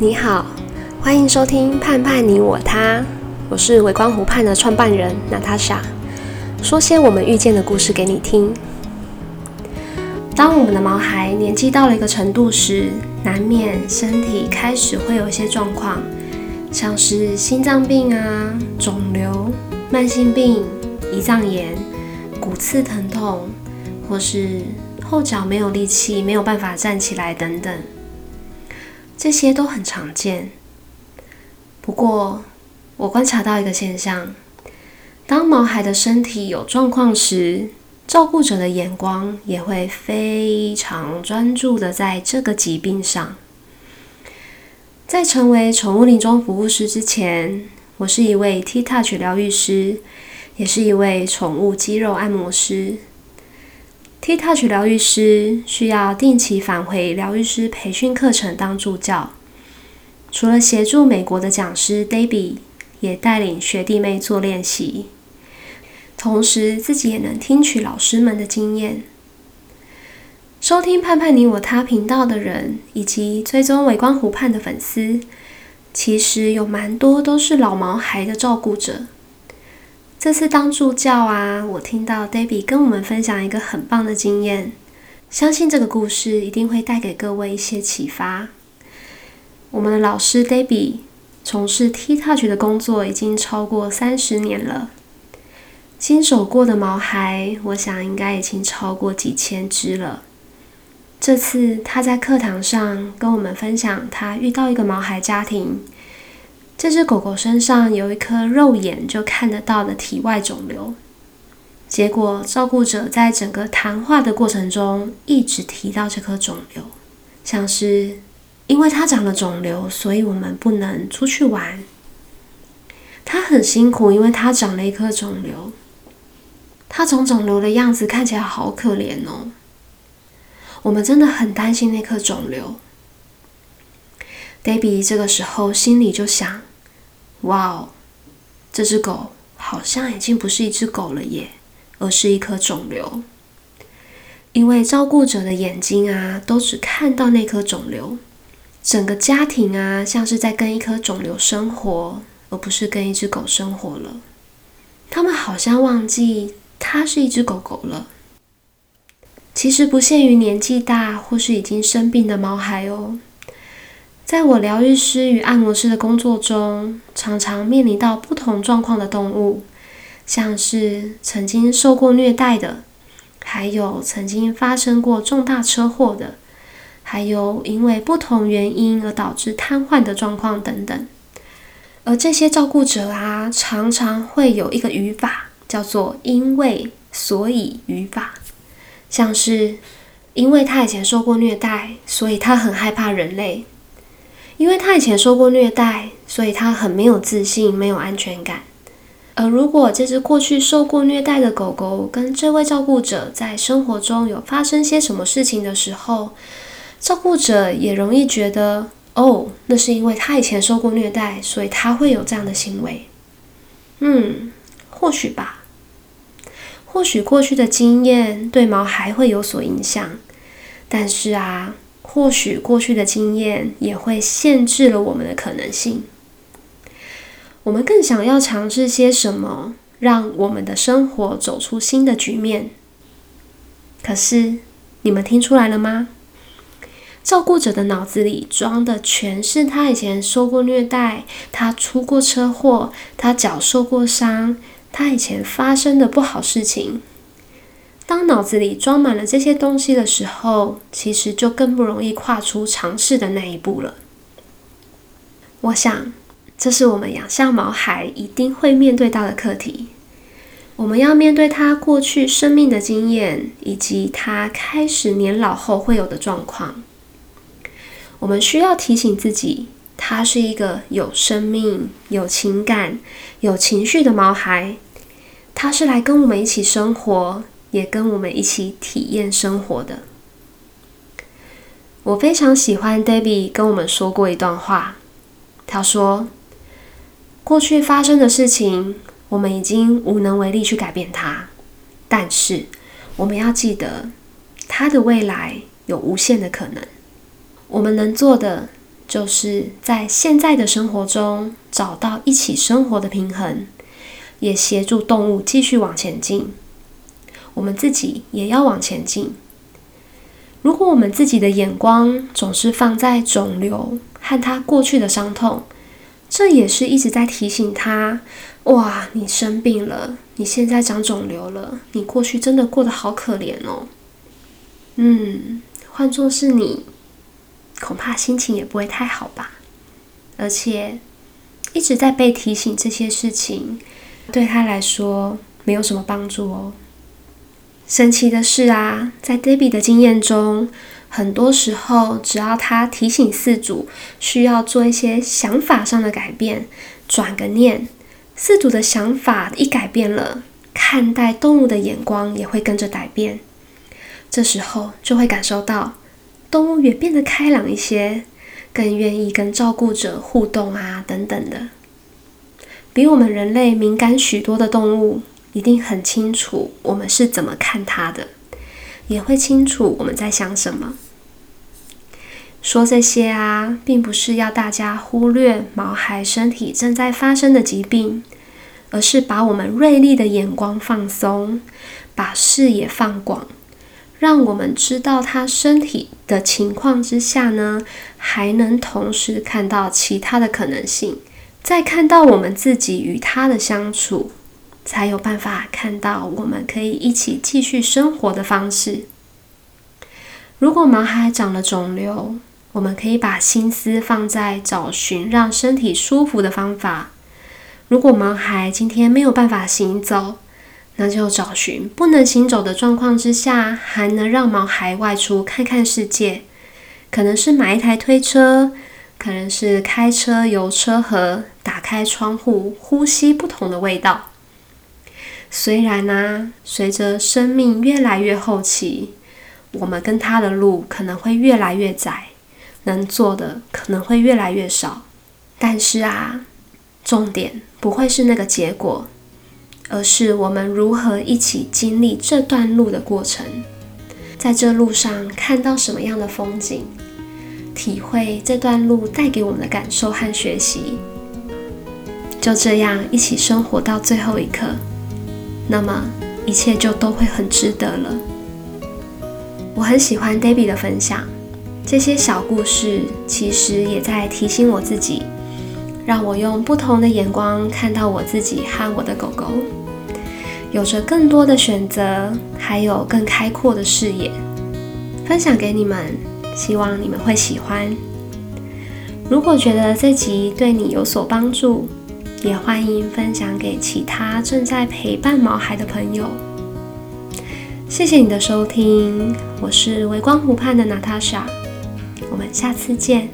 你好，歡迎收聽《盼盼你我他》，我是微光湖盼的創辦人娜塔莎，說些我們遇見的故事給你聽。當我們的毛孩年紀到了一個程度時，難免身體開始會有一些狀況，像是心臟病啊、腫瘤、慢性病、胰臟炎、骨刺疼痛，或是後腳沒有力氣，沒有辦法站起來等等。這些都很常見。不過，我觀察到一個現象，當毛孩的身體有狀況時，照顧者的眼光也會非常專注的在這個疾病上。在成為寵物臨終服務師之前，我是一位 TTouch 療癒師，也是一位寵物肌肉按摩師。T Touch 療癒師需要定期返回療癒師培訓課程當助教，除了協助美國的講師 Debby 也帶領學弟妹做練習，同時自己也能聽取老師們的經驗。收聽盼盼你我他頻道的人，以及追蹤微光湖畔的粉絲，其實有蠻多都是老毛孩的照顧者。這次當助教啊，我聽到 Debby 跟我們分享一個很棒的經驗，相信這個故事一定會帶給各位一些啟發。我們的老師 Debby 從事 TTouch 的工作已經超過三十年了，經手過的毛孩，我想應該已經超過幾千隻了。這次他在課堂上跟我們分享，他遇到一個毛孩家庭。這只狗狗身上有一顆肉眼就看得到的體外腫瘤，結果照顧者在整個談話的過程中一直提到這顆腫瘤，像是因為它長了腫瘤，所以我們不能出去玩。它很辛苦，因為它長了一顆腫瘤，它長腫瘤的樣子看起來好可憐哦。我們真的很擔心那顆腫瘤。Debby 這個時候心裡就想。哇哦，wow, 這只狗好像已經不是一只狗了耶，而是一顆腫瘤。因為照顧者的眼睛啊，都只看到那顆腫瘤。整個家庭啊，像是在跟一顆腫瘤生活，而不是跟一只狗生活了。他們好像忘記它是一只狗狗了。其實不限於年紀大或是已經生病的毛孩哦。在我療癒師與按摩師的工作中，常常面臨到不同狀況的動物，像是曾經受過虐待的，還有曾經發生過重大車禍的，還有因為不同原因而導致癱瘓的狀況等等。而這些照顧者啊，常常會有一個語法叫做“因為所以”語法，像是因為他以前受過虐待，所以他很害怕人類。因為他以前受過虐待，所以他很沒有自信，沒有安全感。而如果這只過去受過虐待的狗狗跟這位照顧者在生活中有發生些什麼事情的時候，照顧者也容易覺得，哦，那是因為他以前受過虐待，所以他會有這樣的行為。嗯，或許吧，或許過去的經驗對毛孩會有所影響，但是啊。或許過去的經驗也會限制了我們的可能性。我們更想要嘗試些什麼，讓我們的生活走出新的局面。可是，你們聽出來了嗎？照顧者的腦子裡裝的全是他以前受過虐待，他出過車禍，他腳受過傷，他以前發生的不好事情。當腦子裡裝滿了這些東西的時候，其實就更不容易跨出嘗試的那一步了。我想，這是我們養像毛孩一定會面對到的課題。我們要面對他過去生命的經驗，以及他開始年老後會有的狀況。我們需要提醒自己，他是一個有生命、有情感、有情緒的毛孩，他是來跟我們一起生活。也跟我們一起體驗生活的。我非常喜歡 Debby 跟我們說過一段話，他說：“過去發生的事情，我們已經無能為力去改變它。但是，我們要記得，它的未來有無限的可能。我們能做的，就是在現在的生活中找到一起生活的平衡，也協助動物繼續往前進。”我們自己也要往前進。如果我們自己的眼光總是放在腫瘤和他過去的傷痛，這也是一直在提醒他：哇，你生病了，你現在長腫瘤了，你過去真的過得好可憐哦。嗯，換作是你，恐怕心情也不會太好吧。而且，一直在被提醒這些事情，對他來說沒有什麼幫助哦。神奇的是啊，在 Debby 的經驗中，很多時候只要他提醒飼主需要做一些想法上的改變，轉個念，飼主的想法一改變了，看待動物的眼光也會跟着改變。這時候就會感受到動物也變得開朗一些，更願意跟照顧者互動啊，等等的，比我們人類敏感許多的動物。一定很清楚我們是怎麼看他的，也會清楚我們在想什麼。說這些啊，並不是要大家忽略毛孩身體正在發生的疾病，而是把我們銳利的眼光放鬆，把視野放廣，讓我們知道他身體的情況之下呢，還能同時看到其他的可能性，再看到我們自己與他的相處，才有辦法看到我們可以一起繼續生活的方式。如果毛孩長了腫瘤，我們可以把心思放在找尋讓身體舒服的方法。如果毛孩今天沒有辦法行走，那就找尋不能行走的狀況之下，還能讓毛孩外出看看世界。可能是買一台推車，可能是開車，遊車河，打開窗戶，呼吸不同的味道。雖然呢、啊，隨着生命越來越後期，我們跟他的路可能會越來越窄，能做的可能會越來越少。但是啊，重點不會是那個結果，而是我們如何一起經歷這段路的過程，在這路上看到什麼樣的風景，體會這段路帶給我們的感受和學習。就這樣一起生活到最後一刻。那麼一切就都會很值得了。我很喜歡 Debby 的分享，這些小故事其實也在提醒我自己，讓我用不同的眼光看到我自己和我的狗狗，有着更多的選擇，還有更開闊的視野。分享給你們，希望你們會喜歡。如果覺得這集對你有所幫助，也歡迎分享給其他正在陪伴毛孩的朋友。謝謝你的收聽，我是微光湖盼的娜塔莎，我們下次見。